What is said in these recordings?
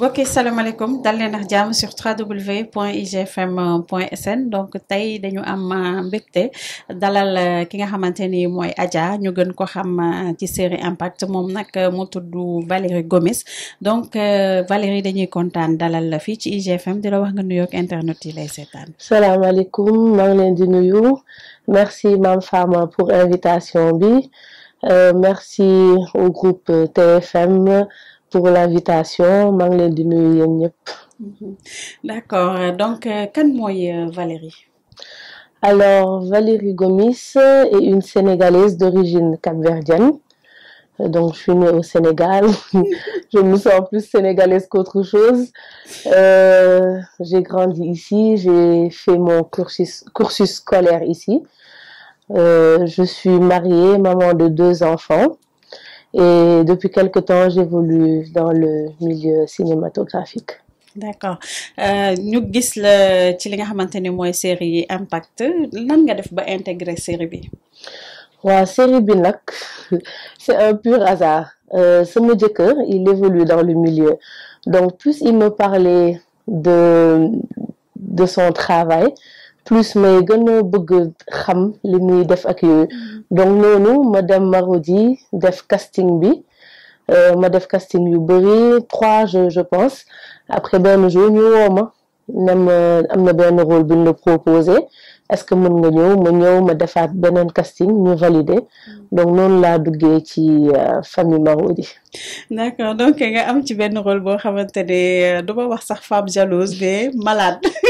Ok, salam alaykoum. dal sur www.igfm.sn donc dañu am euh, dalal euh, ki nga Adja Nous gën ko xam euh, ci série Impact Valérie Gomis donc Valérie dañuy contente. dalal la IGFM de wax nga internet yi lay Salam New York. merci ma femme, pour invitation bi merci au groupe TFM pour l'invitation mhm. d'accord donc euh, kan moyen, euh, Valérie. alors Valérie Gomis est une sénégalaise d'origine capverdienne donc je suis née au Sénégal je me sens plus sénégalaise qu'autre chose euh, j'ai grandi ici j'ai fait mon cursus cursus scolaire ici je suis mariée maman de deux enfants. Et depuis quelque temps, j'évolue dans le milieu cinématographique. d'accord Nous euh, avons la ci li nga série impact Comment nga def ba intégrer série bi. série bi c'est un pur hasard Ce euh, jëkkër il évolue dans le milieu donc plus il me parlait de de son travail plus may gën a bëgg xam li muy def ak yooyu mm-hmm. donc noonu ma dem Marodi def casting bi euh, ma def casting yu bëri trois je je pense après benn jour ñu woo ma ne ma am na benn rôle bi ñu proposé est-ce que mën nga ñëw ma ñëw ma defaat beneen casting ñu validé mm-hmm. donc noonu laa duggee ci euh, famille Maroudi d'accord donc nga am ci benn rôle boo xamante ne euh, du ma wax sax femme jalouse mais malade.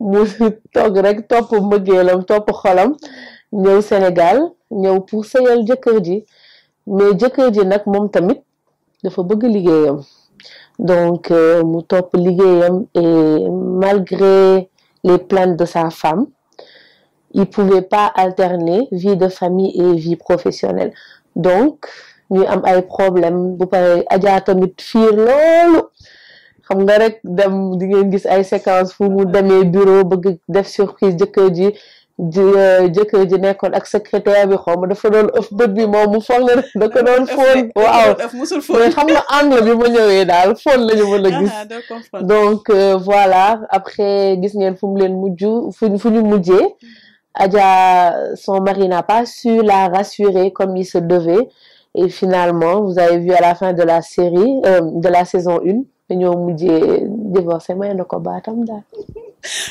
mu toog rek topp mbëggeelam topp xolam Sénégal ñëw pour mais ji tamit bëgg liggéeyam donc euh, mu et malgré les plaintes de sa femme il pouvait pas alterner vie de famille et vie professionnelle donc ñu am ay problème bu tamit fiir loolu xam nga rek dem di ngeen gis ay séquence fu mu demee bureau bëgg def surprise jëkkër ji di euh, jëkkër ji nekkoon ak secrétaire bi xaw ma dafa doon ëf bët bi moom mu foog ne da ko doon fóon waaw mais xam nga angle bi ma ñëwee daal fóon la ñu mën a gis ah, donc euh, voilà après gis ngeen fu mu leen mujj fu ñu mujjee Adja son mari n'a pas su la rassurer comme il se devait et finalement vous avez vu à la fin de la série euh, de la saison une dañoo mujjee divorcé may na ko baatam daal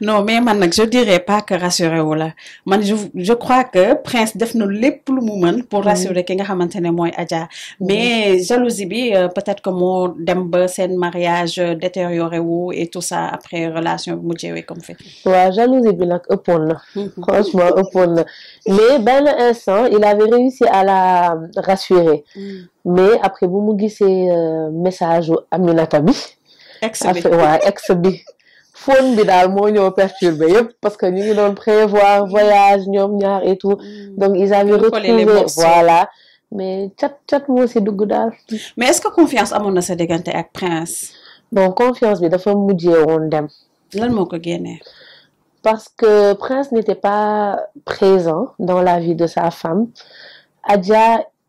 non mais man ne je dirais pas que rassurer wu là. je crois que Prince def nous le lu mu man pour mm-hmm. rassurer ki nga xamantene moy Adja mais mm-hmm. jalousie bi euh, peut-être que mon dem ba sen mariage détérioré et tout ça après relation bi mu jeewee comme fait Ouais, jalousie bi nak mm-hmm. franchement ëppoon na mais un instant il avait réussi à la rassurer mm. mais après bu mu un euh, message u Aminata bi affaire ex bi phone bi daal moo ñëw perturbé yëpp parce que ñu ngi doon prévoir voyage ñoom ñaar et tout mm. donc ils avaient retrouvé voilà mais chat chat moo si dugg daal mais est-ce que confiance amoon na sa diggante ak prince bon confiance bi dafa mujjee woon dem lan moo ko génnee parce que prince n'était pas présent dans la vie de sa femme Adja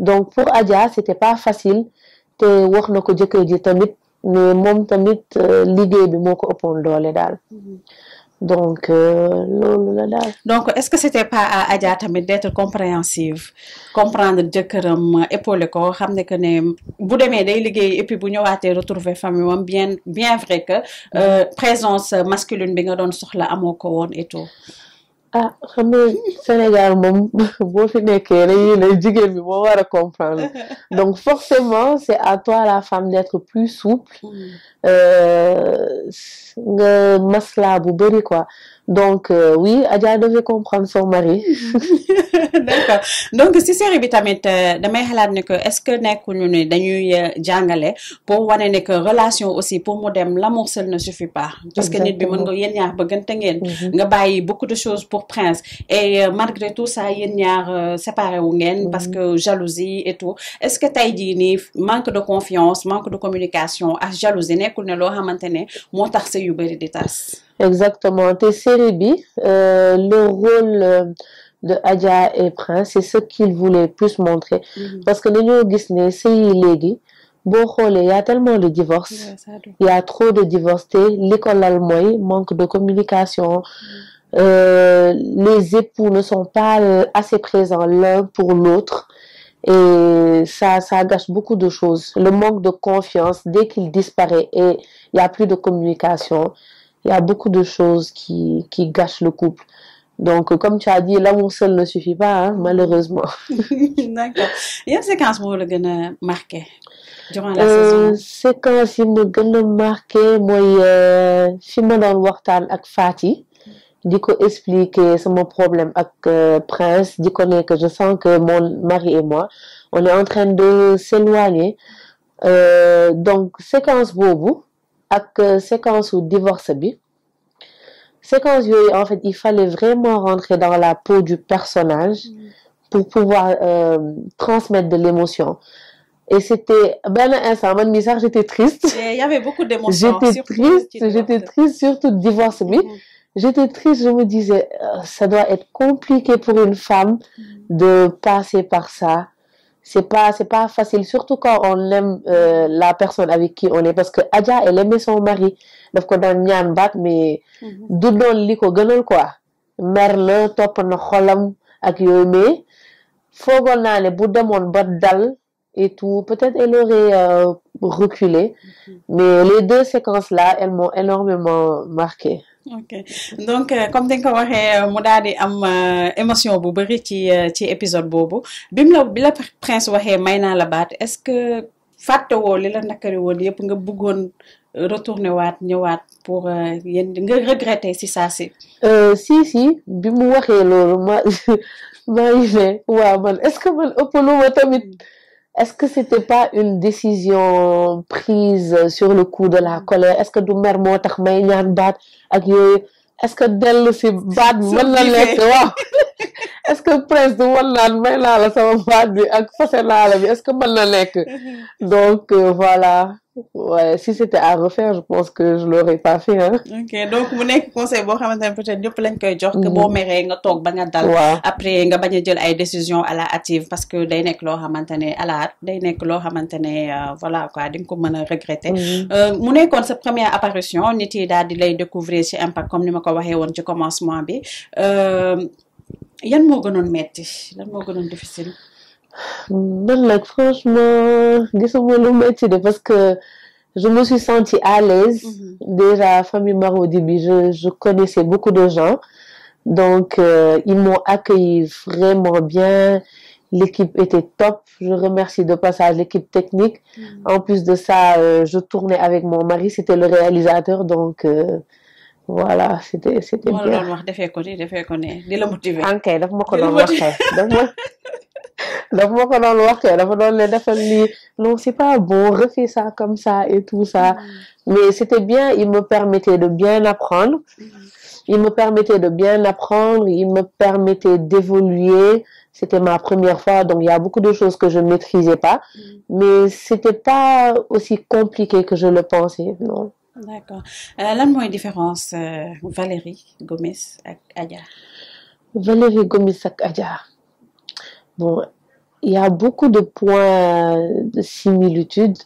donc pour Adja c'était pas facile té wax na ko ji tamit mais mom tamit euh, liggéey bi moko ko ëppoon doole daal donc euh, loolu la daal. donc est ce que c'était pas à Adja tamit d'être compréhensive comprendre jëkkëram épaulé ko xam ne que ne bu demee day liggéey et puis bu ñëwaatee retrouver famille wam bien bien vrai que euh, présence masculine bi nga doon soxla amoo ko woon et tout ah xam nga Sénégal moom boo fi nekkee dañuy ne jigéen bi moo war a comprendre donc forcément c'est à toi la femme d'être plus souple mm. euh, nga masla bu bëri quoi donc euh, oui Adja devait comprendre son mari. d'accord donc si série bi tamit euh, damay xalaat ne que est-ce que nekkuñu ne dañuy euh, jàngale pour wane ne que relation aussi pour mu dem l'amour seul ne suffit pas. parce que nit bi mën nga yéen ñaar bëggante ngeen. Mm-hmm. nga bàyyi beaucoup de choses pour Prince et euh, malgré tout ça n'y a euh, séparé de séparation mhm. parce que jalousie et tout est-ce que tu dit, ni manque de confiance manque de communication à jalousie nest ne loo xamante maintenir. moo tax sëy tas. exactement T'es c'est euh, le rôle. de Adja et Prince c'est ce qu'ils voulaient plus montrer mhm. parce que les gis c'est c'est bon rôle, il y a tellement de divorces Il y a trop de divorces L'école allemande manque de communication mhm. Euh, les époux ne sont pas euh, assez présents l'un pour l'autre et ça, ça gâche beaucoup de choses. Le manque de confiance, dès qu'il disparaît et il n'y a plus de communication, il y a beaucoup de choses qui, qui gâchent le couple. Donc, comme tu as dit, l'amour seul ne suffit pas, hein, malheureusement. D'accord. Il y a une séquence où le gars marqué durant la saison euh, saison. Séquence il me marqué, moi, euh, dans le Wartal avec Fatih. Dico mon expliquer mon problème avec euh, Prince di connaît que je sens que mon mari et moi on est en train de s'éloigner euh, donc séquence Bobo, avec euh, séquence ou divorce bi séquence où en fait il fallait vraiment rentrer dans la peau du personnage mm. pour pouvoir transmettre de l'émotion et c'était ben instant j'étais triste. il y avait beaucoup d'émotions. j'étais triste j'étais triste surtout divorce bi. Mm j'étais triste, je me disais, euh, ça doit être compliqué pour une femme de passer par ça. C'est pas, c'est pas facile, surtout quand on aime euh, la personne avec qui on est. Parce que Adja, elle aimait son mari. on ko ñaan mais. Mhm. du doon li na ak mais dal et tout peut-être elle aurait euh, reculé. Mhm. mais les deux séquences là elles m'ont énormément marqué ok donc euh, comme tu euh, mu am euh, émotion bu bëri ci ci épisode la prince est-ce que fàtte woo li nakari retourner waat ñëwaat pour yéen regretter si ça si. si si bi mu ma maa man est-ce que est-ce que c'était pas une décision prise sur le coup de la colère est-ce que nous mer moo tax may ñaan ak est-ce que delu si bad mën la est-ce que prince du wan may la sama baat bi ak est-ce que mën la nek donc euh, voilà Ouais, si c'était à refaire, je pense que je l'aurais pas fait. Hein. ok donc mu conseil peut-être plein que mm-hmm. après décisions à la hâtive parce que à la euh, voilà quoi donc mm-hmm. euh, première apparition on était di découvrir impact comme ni ma ko commencement euh, difficile franchement, le métier parce que je me suis sentie à l'aise. Mm -hmm. Déjà, Famille Maro, au je, connaissais beaucoup de gens. Donc, euh, ils m'ont accueilli vraiment bien. L'équipe était top. Je remercie de passage l'équipe technique. Mhm. En plus de ça, euh, je tournais avec mon mari. C'était le réalisateur. Donc, euh, voilà, c'était c'était bien. je faire connaître, faire connaître. Ok, je vais faire dafa fois pendant la fois dans la famille non c'est pas bon refais ça comme ça et tout ça mm-hmm. mais c'était bien il me permettait de bien apprendre mm-hmm. il me permettait de bien apprendre il me permettait d'évoluer c'était ma première fois donc il y a beaucoup de choses que je maîtrisais pas mm-hmm. mais c'était pas aussi compliqué que je le pensais non d'accord euh, a moins différence euh, Valérie Gomez ak Valérie Gomez bon il y a beaucoup de points de similitude.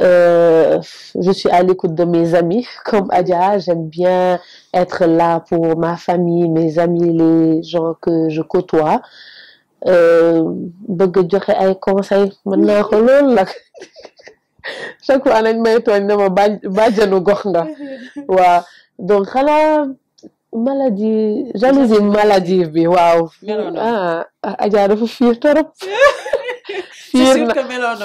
Euh, je suis à l'écoute de mes amis. Comme Adia, j'aime bien être là pour ma famille, mes amis, les gens que je côtoie. Euh, bëgg joxe ay conseils mën naa ko loolu nag chaque fois nañ may tooñ ne ma bàjjanu de nga waaw donc voilà maladie dire maladie bi waaw. Ah, ah Adja dafa fiir trop fiir na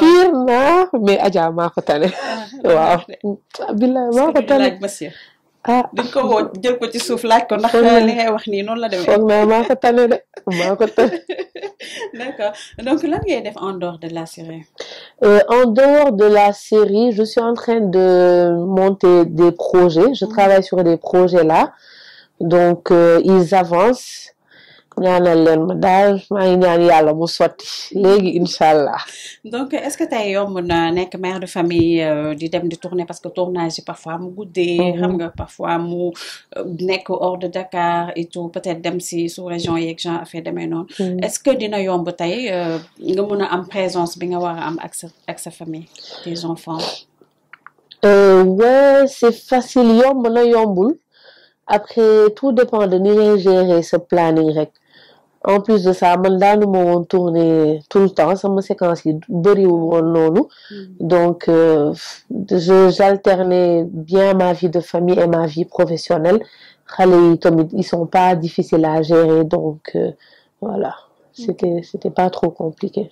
fiir na mais aja maa ko tane. Ah, waaw billaay maa ko tane. ah duñ ko woo jël ko ci suuf laaj ko ndax li ngay wax nii noonu la demee. foog naa maa ko tane de maa ko tane. d'accord donc lan ngay def en dehors de la série. Euh, en dehors de la série je suis en train de monter des projets je mmh. travaille sur des projets là donc euh, ils avancent ñaanal leen ma daal maa ngi ñaan yàlla mu sotti léegi incha allah. donc est-ce que tey yomb na nekk mère de famille euh, di dem di tourner parce que tournage yi parfois mu guddee. Mhm. xam nga parfois mu euh, nekk hors de Dakar et tout peut-être dem si sous région yeeg genre affaire demee noonu. Mhm. est-ce que dina yomb tey nga mun a am présence bi nga war a am ak sa ak sa famille tes enfants. ouais c'est facile yomb na yombul après tout dépend de nous gérer ce planning en plus de ça à nous nous tout le temps me séquence de ou non donc euh, j'alternais bien ma vie de famille et ma vie professionnelle ils sont pas difficiles à gérer donc euh, voilà mm. c'était c'était pas trop compliqué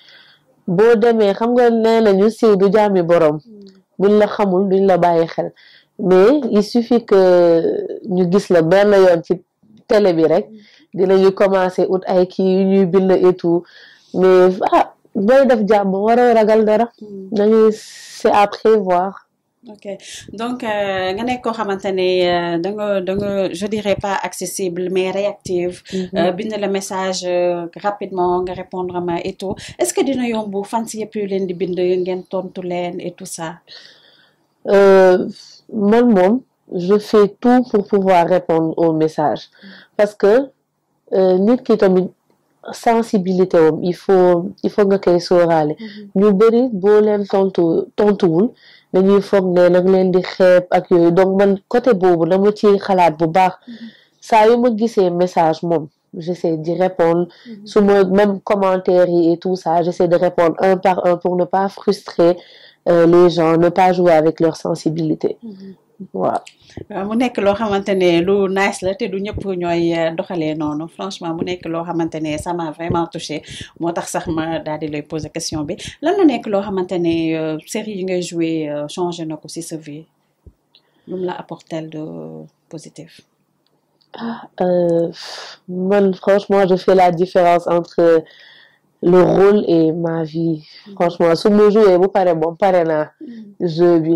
boo demee xam nga nee nañu siiw du jaami borom buñ la xamul duñ la bàyyi xel mais il suffit que ñu gis la benn yoon ci télé bi rek dinañu commencé ut ay kii yu ñuy bind et tout mais ah booy def jàmm waroo ragal dara mm. nañuy c'est à prévoir ok donc euh, nga ne euh, je dirais pas accessible mais réactive. Mhm. Euh, bind le message rapidement répondre répondre ma et tout est ce que dina Yombo, Fancy si de bind ngeen tout et tout ça. Moi, je fais tout pour pouvoir répondre au message. parce que nit sensibilité il faut il faut nga koy sóoraale mm-hmm. ñu bëri boo leen tontu tontuwul dañuy foog ne nag leen di xeeb ak yoy donc man côté bobu dama ci xalaat bu baax mm-hmm. sa yu ma un message mom j'essaie d'y répondre mm-hmm. sur même commentaire et tout ça j'essaie de répondre un par un pour ne pas frustrer euh, les gens ne pas jouer avec leur sensibilité waaw euh, mu nekk loo xamante ne lu nice la te du ñëpp ñooy euh, doxalee noonu franchement mu nekk loo xamante ne ça m'a vraiment touché moo tax sax ma daal di lay poser question bi lan la nekk loo xamante ne euh, série yi nga joué changé na ko si sa vie lu mu la apportel de positif ah euh, man franchement je fais la différence entre le rôle et ma vie mm-hmm. franchement su ma joué bu pare bon pare naa mm-hmm. jeu bi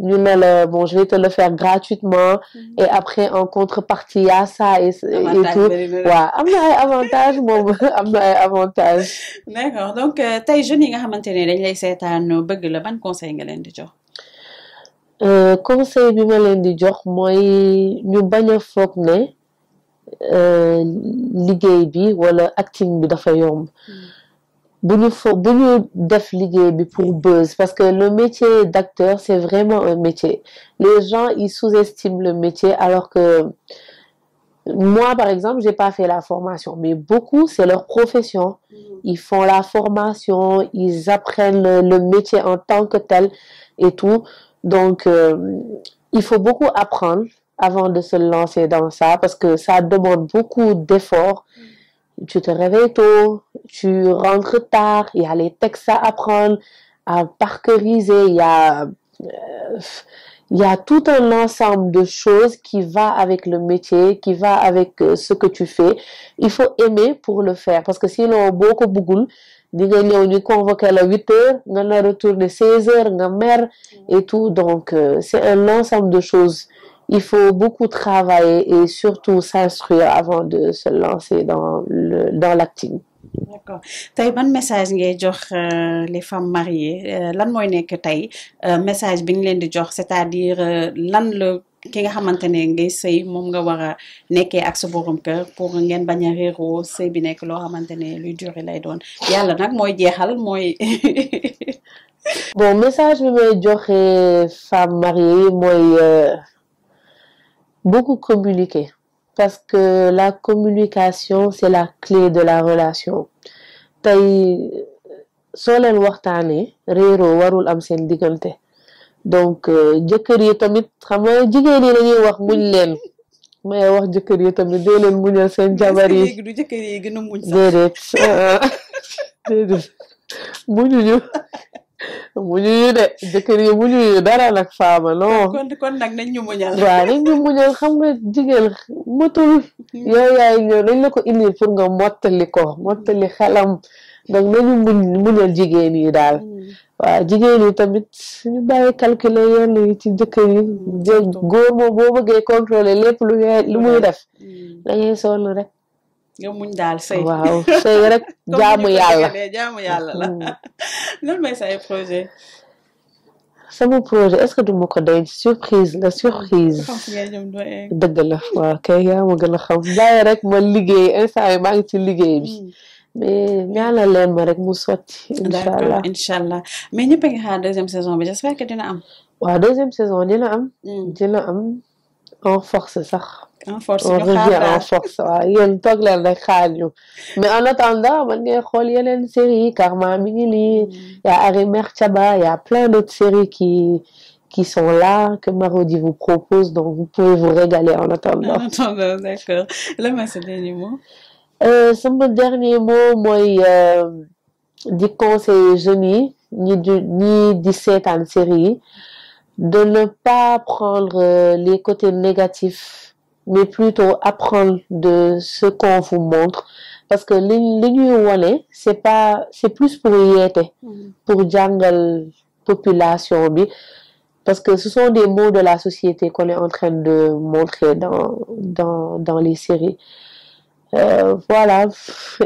ñu ne bon je vais te le faire gratuitement mhm. et après en contrepartie y a ça et et tout ouais ay avantage moom ay avantage d'accord donc euh, tey jeunes ni nga maintenir ne dañ lay seetaan bëgg la ban conseil nga leen di jox euh, conseil bi ma leen di jox mooy ñu bañ a foog ne euh, liggéey bi wala acting bi dafa yomb hmm bon nous pour buzz parce que le métier d'acteur c'est vraiment un métier les gens ils sous-estiment le métier alors que moi par exemple j'ai pas fait la formation mais beaucoup c'est leur profession mm-hmm. ils font la formation ils apprennent le, métier en tant que tel et tout donc euh, il faut beaucoup apprendre avant de se lancer dans ça parce que ça demande beaucoup d'efforts mm-hmm tu te réveilles tôt, tu rentres tard, il y a les textes à apprendre, à parqueriser, il y a, euh, il y a tout un ensemble de choses qui va avec le métier, qui va avec euh, ce que tu fais. Il faut aimer pour le faire parce que sinon, beaucoup, beaucoup, di nga on convoqué à 8 heures on est retourné à h heures est mère et tout donc euh, c'est un ensemble de choses il faut beaucoup travailler et surtout s'instruire avant de se lancer dans le dans l'acting. d'accord Tay ban message ngay jox euh, les femmes mariées euh, lan moy nek tay euh, message biñ len di jox c'est-à-dire lan le ki nga xamantene ngay sey mom nga wara a ak sa borom kër pour ngeen bañ a réeroo bi nek lo xamantene ne luy duré lay doon Yalla nak moy jéxal moy bon message bi may joxe femmes mariées mooy beaucoup communiquer parce que la communication c'est la clé de la relation taï solen leen reiro warul am donc euh, jëkkër yi tamit xam nga jigéen yi dañuy wax muñ leen may wax du yi muñ muñu ñu de jëkkër yi dara nag faama non. kon na nag nañ ñu muñal. waaw nañ ñu muñal xam nga jigéen motul. Hmm. ko indil pour nga mottali ko mottali xelam donc nañu muñ muñal jigéen yi daal. Hmm. tamit ñu bàyyi calculer yenn yi ci jëkkër yi. Hmm, jë góor moom boo bëggee contrôler lépp lu muy def. da ngay sonn nga muñ daal sëy waaw sëy rek jaamu yàlla jaamu yàlla la lan mooy say projet sama projet est-ce que du ma ko denc surprise la surprise dëgg la waaw kay yaa ma gën a xam bàyyi rek ma liggéey instant yi maa ngi ci liggéey bi mais ñaanal leen ma rek mu sotti incha allah incha allah mais ñëpp a ngi xaar deuxième saison bi j'espère que dina am waaw deuxième saison dina am dina am renforce ça. renforce en force. renforce waaw rek xaar mais en attendant man ngay regarder une série Karma mi il y' a Arimer Chaba, il y' a plein d'autres séries qui qui sont là, que Marodi vous propose, donc vous pouvez vous régaler en attendant. En attendant, d'accord. Là, moi ce dernier mot euh, Mon dernier mot, moi, euh, dit conseil s'est ni, ni 17 de série de ne pas prendre euh, les côtés négatifs, mais plutôt apprendre de ce qu'on vous montre. Parce que les c'est pas, c'est plus pour y être, pour jungle population. Parce que ce sont des mots de la société qu'on est en train de montrer dans, dans, dans les séries. Euh, voilà,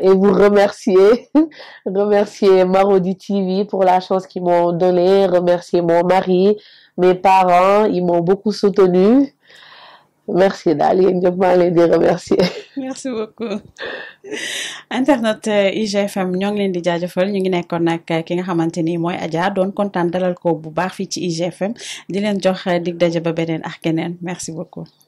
et vous remercier, remercier Marodi TV pour la chance qu'ils m'ont donnée, remercier mon mari, mes parents, ils m'ont beaucoup soutenu. merci d'aller, je ñëpp maa ngi remercier. merci beaucoup internet euh, IGFM ñoo ngi leen di jaajëfal ñu ngi nekkoon nag euh, ki nga xamante ni mooy Adja doon kontaan dalal ko bu baax fii ci IGFM di leen jox euh, dig daje ba beneen ak keneen merci beaucoup.